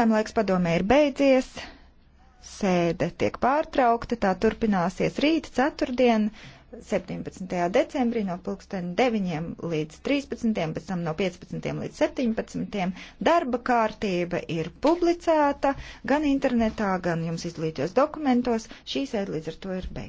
Jautājuma laiks padomē ir beidzies. Sēde tiek pārtraukta, tā turpināsies rīt, ceturtdien, 17. decembrī no 2009 līdz 13, pēc tam no 15 līdz 17. Darba kārtība ir publicēta gan internetā, gan jums izlītos dokumentos. Šī sēde līdz ar to ir beigta.